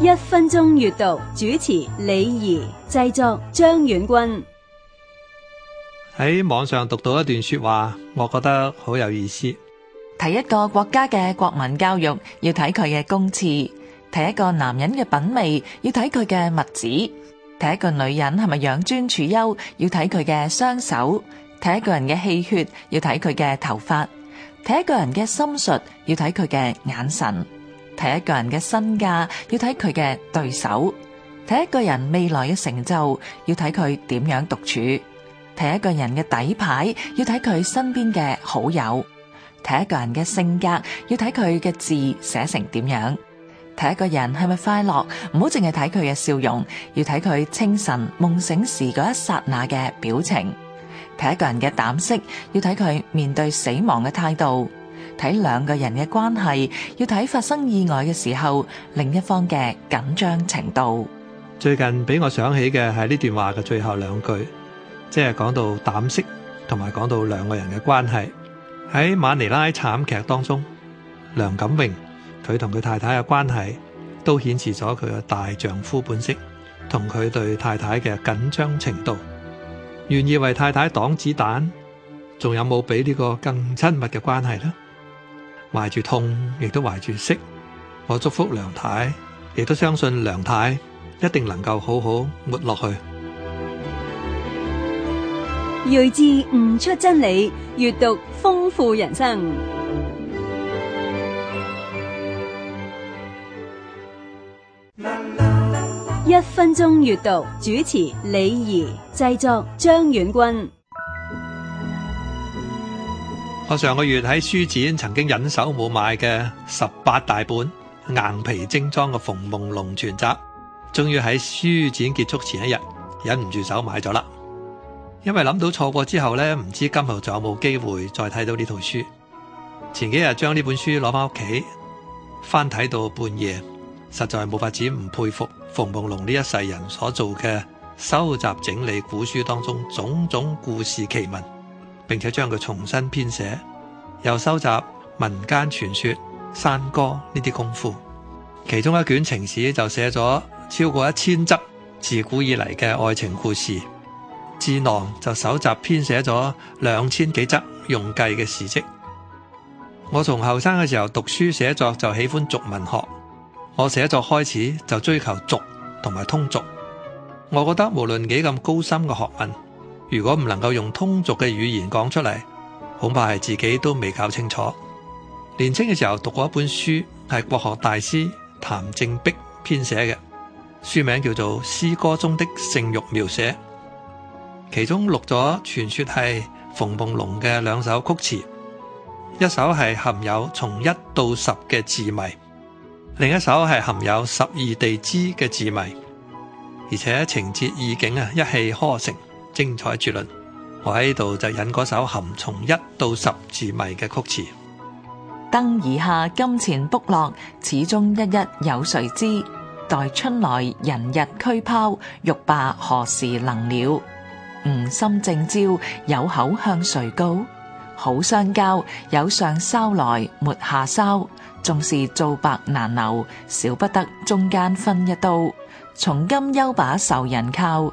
一分鐘閱讀主持李怡，製作張遠軍。喺網上讀到一段說話，我覺得好有意思。睇一個國家嘅國民教育，要睇佢嘅公廁；睇一個男人嘅品味，要睇佢嘅襪子；睇一個女人係咪養尊處優，要睇佢嘅雙手；睇一個人嘅氣血，要睇佢嘅頭髮；睇一個人嘅心術，要睇佢嘅眼神。睇一個人嘅身價，要睇佢嘅對手；睇一個人未來嘅成就，要睇佢點樣獨處；睇一個人嘅底牌，要睇佢身邊嘅好友；睇一個人嘅性格，要睇佢嘅字寫成點樣；睇一個人係咪快樂，唔好淨係睇佢嘅笑容，要睇佢清晨夢醒時嗰一剎那嘅表情；睇一個人嘅膽色，要睇佢面對死亡嘅態度。睇兩個人嘅關係，要睇發生意外嘅時候另一方嘅緊張程度。最近俾我想起嘅係呢段話嘅最後兩句，即係講到膽識同埋講到兩個人嘅關係。喺馬尼拉慘劇當中，梁錦榮佢同佢太太嘅關係都顯示咗佢嘅大丈夫本色，同佢對太太嘅緊張程度，願意為太太擋子彈，仲有冇比呢個更親密嘅關係咧？懷住痛，亦都懷住釋，我祝福梁太，亦都相信梁太一定能夠好好活落去。睿智悟出真理，閱讀豐富人生。 一分鐘閱讀，主持李儀，製作張遠軍。我上個月喺書展曾經忍手冇買嘅十八大本硬皮精裝嘅馮夢龍全集，終於喺書展結束前一日忍唔住手買咗啦。因為諗到錯過之後呢，唔知今後仲有冇機會再睇到呢套書。前幾日將呢本書攞翻屋企，翻睇到半夜，實在冇法子唔佩服馮夢龍呢一世人所做嘅收集整理古書當中種種故事奇聞。並且將佢重新編寫，又收集民間傳說、山歌呢啲功夫。其中一卷情史就寫咗超過一千則自古以嚟嘅愛情故事，智囊就搜集編寫咗兩千幾則用計嘅事跡。我從後生嘅時候讀書寫作就喜歡俗文學，我寫作開始就追求俗同埋通俗。我覺得無論幾咁高深嘅學問，如果唔能夠用通俗嘅語言講出嚟，恐怕係自己都未搞清楚。年輕嘅時候讀過一本書，係國學大師譚正璧編寫嘅，書名叫做《詩歌中的性欲描寫》，其中錄咗傳說係馮夢龍嘅兩首曲詞，一首係含有從一到十嘅字謎，另一首係含有十二地支嘅字謎，而且情節意境啊一氣呵成。精彩絕倫，我喺度就引嗰首含從一到十字謎嘅曲詞。燈兒下，金錢卜落，始終一一有誰知？待春來，人日虛拋，欲罷何時能了？吾心正焦，有口向誰告？好相交，有上梢來，沒下梢，縱是做白難留，少不得中間分一刀。從今休把仇人靠。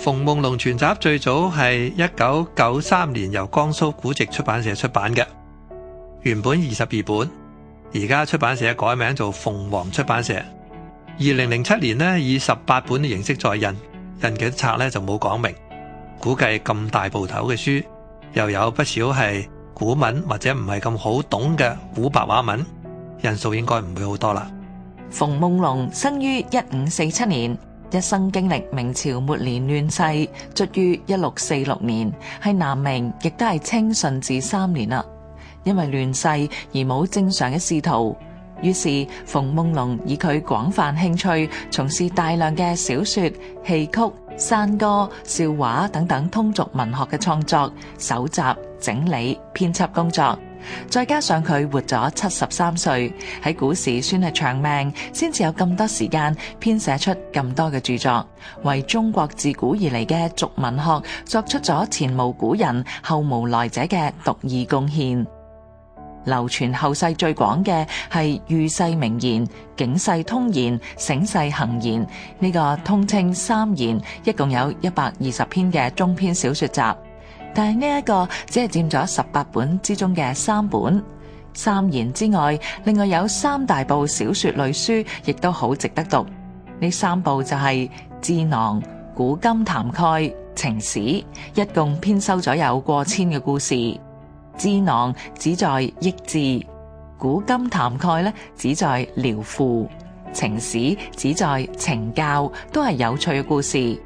《馮夢龍全集》最早係一九九三年由江蘇古籍出版社出版嘅，原本二十二本，而家出版社改名做鳳凰出版社。二零零七年咧以十八本嘅形式再印，印幾多冊咧就冇講明，估計咁大部頭嘅書，又有不少係古文或者唔係咁好懂嘅古白話文，印數應該唔會好多啦。馮夢龍生於一五四七年。一生經歷明朝末年亂世，卒於一六四六年，係南明，亦都係清順治三年啦。因為亂世而冇正常嘅仕途，於是馮夢龍以佢廣泛興趣，從事大量嘅小說、戲曲、山歌、笑話等等通俗文學嘅創作、搜集、整理、編輯工作。再加上佢活咗七十三歲，喺古時算係長命，先至有咁多時間編寫出咁多嘅著作，為中國自古而嚟嘅俗文學作出咗前無古人後無來者嘅獨異貢獻。流傳後世最廣嘅係《喻世明言》《警世通言》《醒世恒言》，呢、這個通稱三言，一共有一百二十篇嘅中篇小說集。但係呢一個只係佔咗十八本之中嘅三本，三言之外，另外有三大部小說類書，亦都好值得讀。呢三部就係、是《智囊》《古今談概》《情史》，一共編修咗有過千嘅故事。《智囊》旨在益智，《古今談概》咧旨在療腐，《情史》旨在情教，都係有趣嘅故事。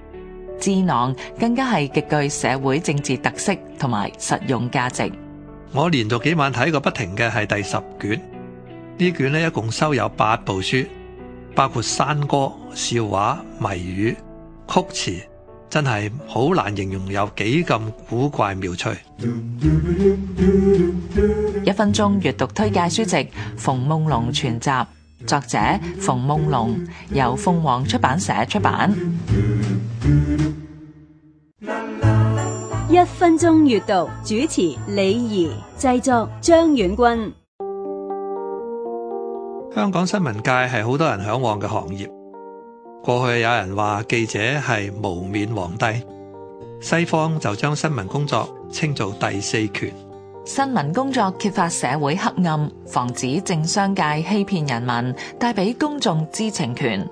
智囊更加係極具社會政治特色同埋實用價值。我連續幾晚睇過不停嘅係第十卷，呢卷呢，一共收有八部書，包括山歌、笑話、謎語、曲詞，真係好難形容有幾咁古怪妙趣。一分鐘閱讀推介書籍《馮夢龍全集》，作者馮夢龍，由鳳凰出版社出版。一分鐘閱讀，主持李儀，製作張遠軍。香港新聞界係好多人嚮往嘅行業。過去有人話記者係無冕皇帝，西方就將新聞工作稱做第四權。新聞工作揭發社會黑暗，防止政商界欺騙人民，帶俾公眾知情權。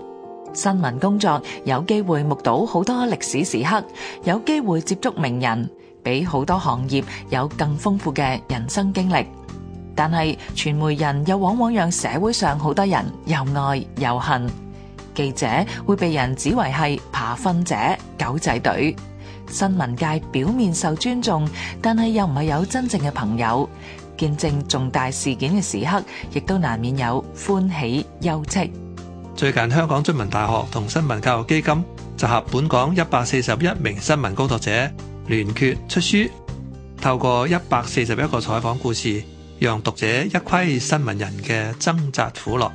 新聞工作有機會目睹好多歷史時刻，有機會接觸名人。比好多行業有更豐富嘅人生經歷，但係傳媒人又往往讓社會上好多人又愛又恨。記者會被人指為係扒糞者、狗仔隊，新聞界表面受尊重，但係又唔係有真正嘅朋友。見證重大事件嘅時刻，亦都難免有歡喜憂戚。最近香港中文大學同新聞教育基金集合本港一百四十一名新聞工作者。聯決出書，透過一百四十一個採訪故事，讓讀者一窺新聞人嘅掙扎苦樂。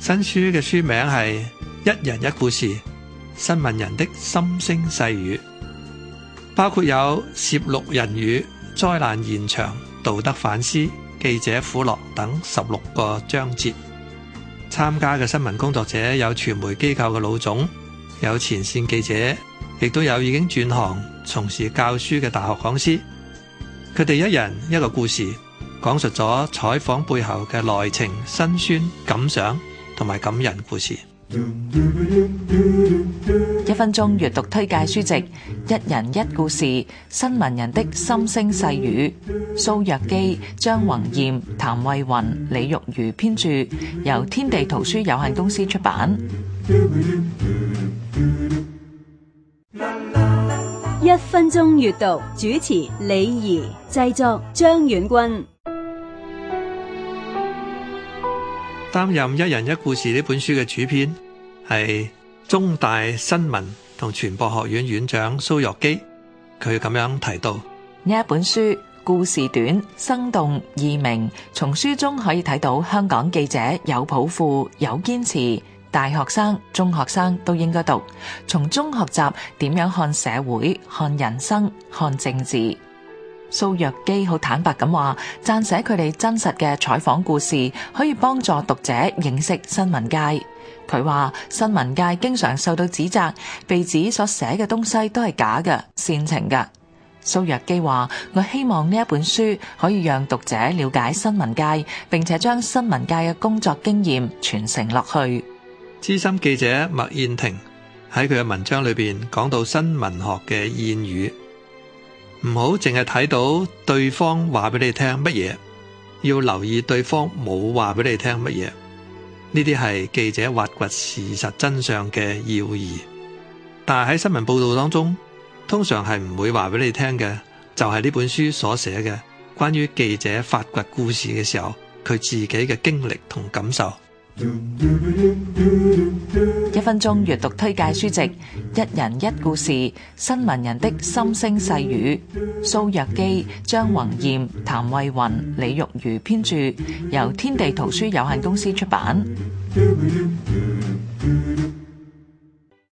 新書嘅書名係《一人一故事：新聞人的心聲細語》，包括有攝錄人語、災難現場、道德反思、記者苦樂等十六個章節。參加嘅新聞工作者有傳媒機構嘅老總，有前線記者。亦都有已經轉行從事教書嘅大學講師，佢哋一人一個故事，講述咗採訪背後嘅內情、辛酸、感想同埋感人故事。一分鐘閱讀推介書籍，一人一故事，新聞人的心聲細語，蘇若基、張宏艷、譚慧雲、李玉如編著，由天地圖書有限公司出版。分鐘閱讀主持李怡，製作張遠軍，擔任一人一故事呢本書嘅主編係中大新聞同傳播學院院長蘇鑰機，佢咁樣提到呢一本書故事短，生動易明，從書中可以睇到香港記者有抱負，有堅持。大學生、中學生都應該讀，從中學習點樣看社會、看人生、看政治。蘇若基好坦白咁話，撰寫佢哋真實嘅採訪故事，可以幫助讀者認識新聞界。佢話新聞界經常受到指責，被指所寫嘅東西都係假嘅、煽情嘅。蘇若基話：我希望呢一本書可以讓讀者了解新聞界，並且將新聞界嘅工作經驗傳承落去。資深記者麥燕婷喺佢嘅文章裏邊講到新聞學嘅諺語，唔好淨係睇到對方話俾你聽乜嘢，要留意對方冇話俾你聽乜嘢。呢啲係記者挖掘事實真相嘅要義。但係喺新聞報道當中，通常係唔會話俾你聽嘅，就係呢本書所寫嘅關於記者發掘故事嘅時候，佢自己嘅經歷同感受。一分鐘閱讀推介書籍，一人一故事，新聞人的心聲細語。蘇若基、張宏艷、譚慧雲、李玉如編著，由天地圖書有限公司出版。